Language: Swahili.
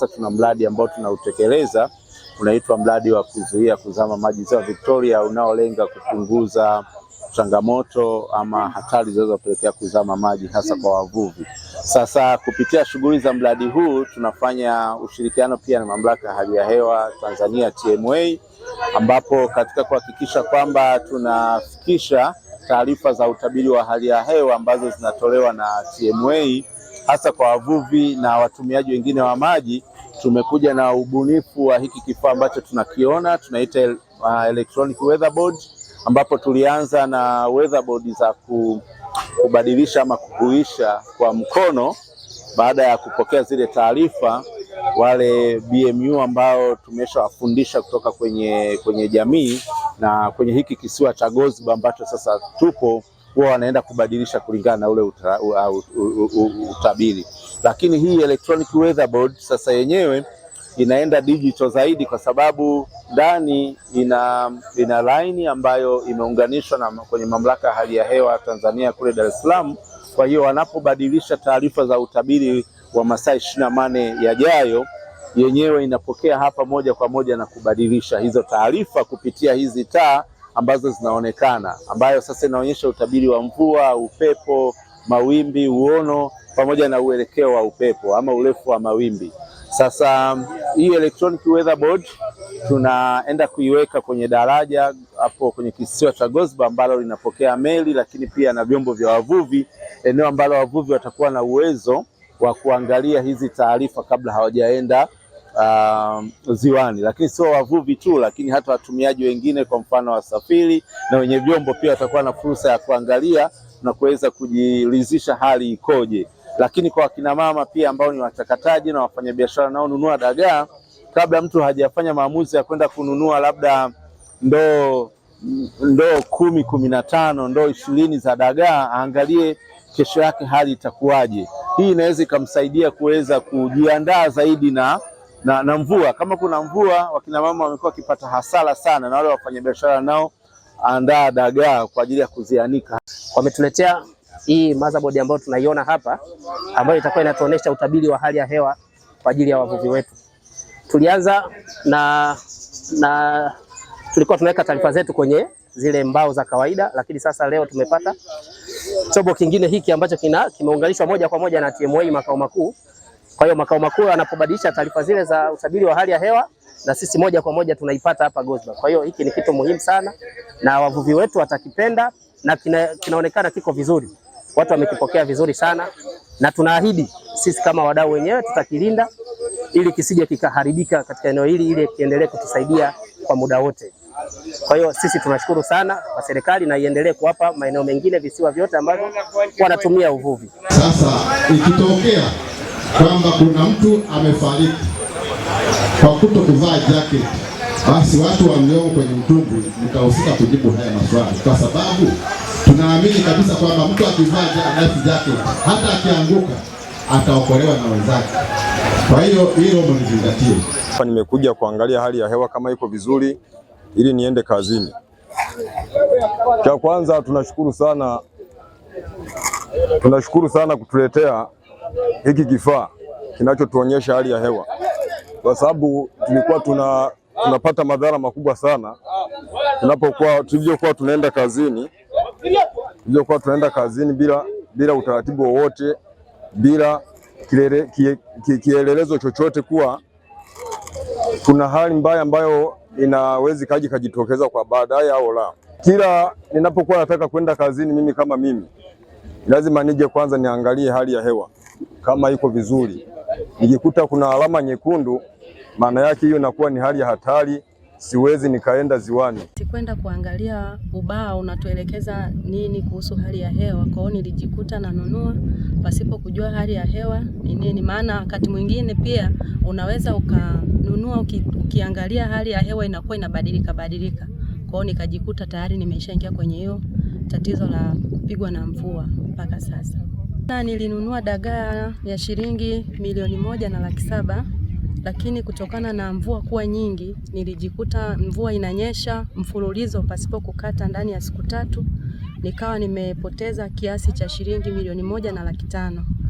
Sasa tuna mradi ambao tunautekeleza unaitwa mradi wa kuzuia kuzama maji ziwa Victoria, unaolenga kupunguza changamoto ama hatari zinazopelekea kuzama maji hasa kwa wavuvi. Sasa kupitia shughuli za mradi huu tunafanya ushirikiano pia na mamlaka ya hali ya hewa Tanzania TMA, ambapo katika kuhakikisha kwamba tunafikisha taarifa za utabiri wa hali ya hewa ambazo zinatolewa na TMA hasa kwa wavuvi na watumiaji wengine wa maji. Tumekuja na ubunifu wa hiki kifaa ambacho tunakiona tunaita uh, electronic weather board, ambapo tulianza na weather board za kubadilisha ama kuhuisha kwa mkono baada ya kupokea zile taarifa wale BMU ambao tumeshawafundisha kutoka kwenye, kwenye jamii na kwenye hiki kisiwa cha Goziba ambacho sasa tupo huwa wanaenda kubadilisha kulingana na ule uta, u, u, u, u, utabiri. Lakini hii electronic weather board sasa yenyewe inaenda digital zaidi, kwa sababu ndani ina ina laini ambayo imeunganishwa na kwenye mamlaka ya hali ya hewa Tanzania kule Dar es Salaam. Kwa hiyo wanapobadilisha taarifa za utabiri wa masaa ishirini na nane yajayo yenyewe inapokea hapa moja kwa moja na kubadilisha hizo taarifa kupitia hizi taa ambazo zinaonekana ambayo sasa inaonyesha utabiri wa mvua, upepo, mawimbi, uono pamoja na uelekeo wa upepo ama urefu wa mawimbi. Sasa um, hii electronic weather board tunaenda kuiweka kwenye daraja hapo kwenye kisiwa cha Gozba ambalo linapokea meli lakini pia na vyombo vya wavuvi, eneo ambalo wavuvi watakuwa na uwezo wa kuangalia hizi taarifa kabla hawajaenda uh, ziwani, lakini sio wavuvi tu, lakini hata watumiaji wengine, kwa mfano wasafiri na wenye vyombo pia watakuwa na fursa ya kuangalia na kuweza kujiridhisha hali ikoje. Lakini kwa wakinamama pia ambao ni wachakataji na wafanyabiashara wanaonunua dagaa, kabla mtu hajafanya maamuzi ya kwenda kununua labda ndoo ndoo kumi kumi na tano ndoo ishirini za dagaa, aangalie kesho yake hali itakuwaje. Hii inaweza ikamsaidia kuweza kujiandaa zaidi na na, na mvua. Kama kuna mvua, wakina mama wamekuwa wakipata hasara sana, na wale wafanyabiashara nao andaa dagaa kwa ajili ya kuzianika. Wametuletea hii motherboard ambayo tunaiona hapa, ambayo itakuwa inatuonesha utabiri wa hali ya hewa kwa ajili ya wavuvi wetu. Tulianza na, na tulikuwa tunaweka taarifa zetu kwenye zile mbao za kawaida, lakini sasa leo tumepata chombo kingine hiki ambacho kina kimeunganishwa moja kwa moja na TMA makao makuu kwa hiyo makao makuu yanapobadilisha taarifa zile za utabiri wa hali ya hewa na sisi moja kwa moja tunaipata hapa Gozba. Kwa hiyo hiki ni kitu muhimu sana na wavuvi wetu watakipenda na kina, kinaonekana kiko vizuri. Watu wamekipokea vizuri sana na tunaahidi sisi kama wadau wenyewe tutakilinda ili kisije kikaharibika katika eneo hili ili kiendelee kutusaidia kwa muda wote. Kwa hiyo sisi tunashukuru sana kwa serikali na iendelee kuwapa maeneo mengine visiwa vyote ambavyo wanatumia uvuvi. Sasa ikitokea kwamba kuna mtu amefariki kwa kuto kuvaa jacket, basi watu waliomo kwenye mtumbwi mtahusika kujibu haya maswali, kwa sababu tunaamini kabisa kwamba mtu akivaa life jacket hata akianguka ataokolewa na wenzake. Kwa hiyo hilo mlizingatie. Hapa nimekuja kuangalia hali ya hewa kama iko vizuri ili niende kazini. Cha kwanza tunashukuru sana, tunashukuru sana kutuletea hiki kifaa kinachotuonyesha hali ya hewa, kwa sababu tulikuwa tuna tunapata madhara makubwa sana tunapokuwa tulivyokuwa tunaenda kazini tulivyokuwa tunaenda kazini bila bila utaratibu wowote bila kielelezo kie, kie, chochote kuwa kuna hali mbaya ambayo inawezi kaji kajitokeza kwa baadaye au la. Kila ninapokuwa nataka kwenda kazini, mimi kama mimi lazima nije kwanza niangalie hali ya hewa kama iko vizuri. Nikikuta kuna alama nyekundu, maana yake hiyo inakuwa ni hali ya hatari, siwezi nikaenda ziwani. Sikwenda kuangalia ubao unatuelekeza nini kuhusu hali ya hewa, kwa hiyo nilijikuta nanunua pasipo kujua hali ya hewa ni nini, maana wakati mwingine pia unaweza ukanunua uki, ukiangalia hali ya hewa inakuwa inabadilika badilika, kwa hiyo nikajikuta tayari nimeshaingia kwenye hiyo tatizo la kupigwa na mvua mpaka sasa. Na nilinunua dagaa ya shilingi milioni moja na laki saba lakini kutokana na mvua kuwa nyingi, nilijikuta mvua inanyesha mfululizo pasipo kukata ndani ya siku tatu, nikawa nimepoteza kiasi cha shilingi milioni moja na laki tano.